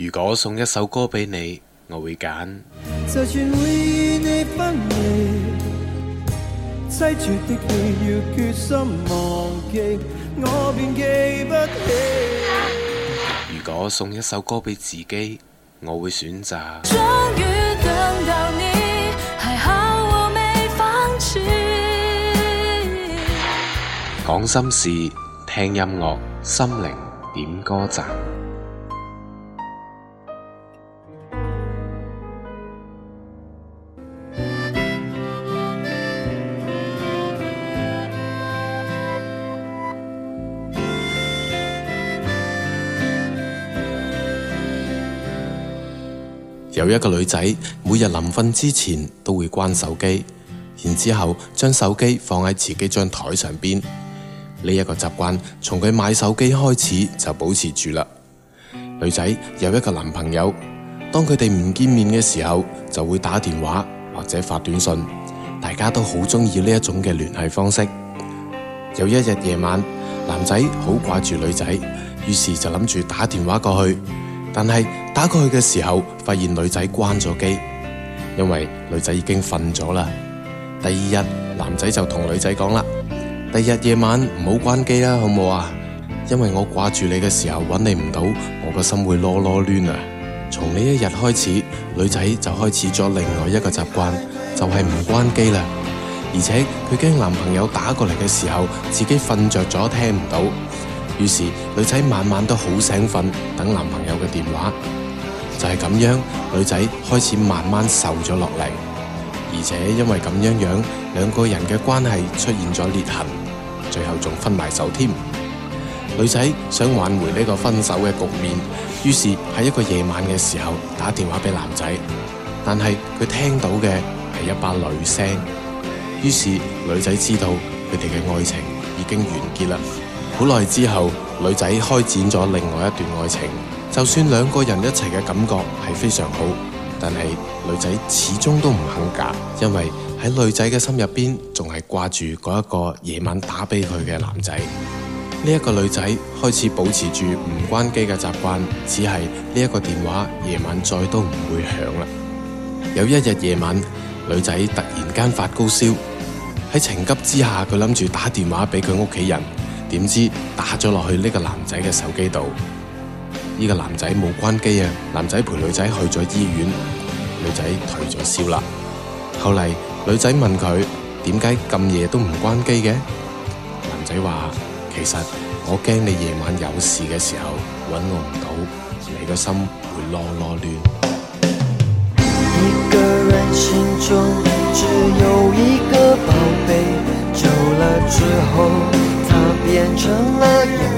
如果我送一首歌俾你，我會揀。如果我送一首歌俾自己，我會選擇：終於等到你，還好我沒放棄。講心事，聽音樂，心靈點歌站。有一個女仔，每日臨瞓之前都會關手機，然之後將手機放喺自己張台上邊。呢一個習慣從佢買手機開始就保持住啦。女仔有一個男朋友，當佢哋唔見面嘅時候，就會打電話或者發短信，大家都好中意呢一種嘅聯繫方式。有一日夜晚，男仔好掛住女仔，於是就諗住打電話過去，但係。打過去嘅時候，發現女仔關咗機，因為女仔已經瞓咗啦。第二日，男仔就同女仔講啦：第二日夜晚，唔好關機啦，好唔好啊？因為我掛住你嘅時候，揾你唔到，我個心會囉囉攣啊！從呢一日開始，女仔就開始咗另外一個習慣，就係唔關機啦。而且佢驚男朋友打過嚟嘅時候，自己瞓着咗聽唔到，於是女仔晚晚都好醒瞓，等男朋友嘅電話。就是這樣，女仔開始慢慢瘦咗落嚟，而且因為咁樣樣，兩個人嘅關係出現咗裂痕，最後仲分埋手添。女仔想挽回呢個分手嘅局面，於是喺一個夜晚嘅時候打電話俾男仔，但係佢聽到嘅係一把女聲，於是女仔知道佢哋嘅愛情已經完結啦。好耐之後，女仔開展咗另外一段愛情。就算兩個人一齊嘅感覺係非常好，但係女仔始終都唔肯嫁，因為喺女仔嘅心入邊仲係掛住嗰一個夜晚打俾佢嘅男仔。呢、這個女仔開始保持住唔關機嘅習慣，只係呢個電話夜晚再都唔會響啦。有一日夜晚，女仔突然間發高燒，喺情急之下佢諗住打電話畀佢屋企人，點知打咗落去呢個男仔嘅手機度。呢、這個男仔冇關機啊！男仔陪女仔去咗醫院，女仔退咗燒啦。後嚟女仔問佢點解咁夜都唔關機嘅？男仔話：其實我驚你夜晚有事嘅時候搵我唔到，你個心會落落亂。一個人心中只有一個寶貝，丟了之後，她變成了。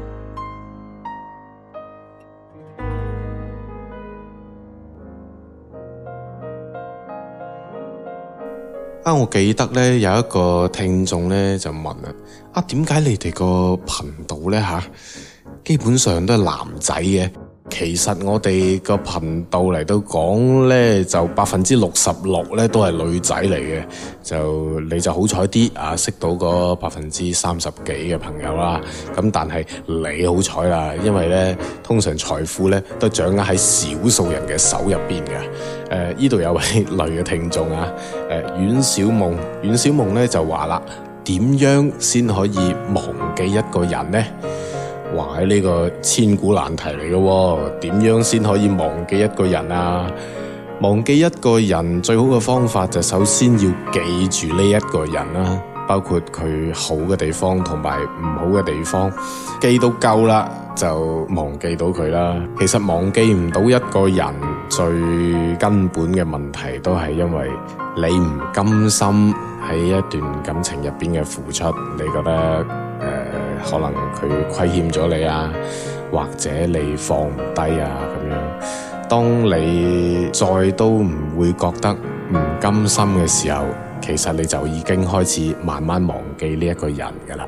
我記得呢有一個聽眾呢就問啦，啊，點解你哋個頻道呢，基本上都係男仔嘅？其實我哋個頻道嚟到講呢，就百分之六十六呢都係女仔嚟嘅，就你就好彩啲啊，識到嗰百分之三十幾嘅朋友啦。咁，啊，但係你好彩啦，因為呢通常財富呢都掌握喺少數人嘅手入邊嘅。呃，呢度有位女嘅聽眾啊，呃，阮小夢，阮小夢呢就話啦，「點樣先可以忘記一個人呢？」哇！喺、這、呢個千古難題嚟嘅，點樣先可以忘記一個人啊？忘記一個人最好嘅方法就首先要記住呢一個人啦，包括佢好嘅地方同埋唔好嘅地方，記到夠啦就忘記到佢啦。其實忘記唔到一個人最根本嘅問題都係因為你唔甘心喺一段感情入邊嘅付出，你覺得？可能佢虧欠咗你啊，或者你放唔低啊，咁樣。當你再都唔會覺得唔甘心嘅時候，其實你就已經開始慢慢忘記呢一個人噶啦。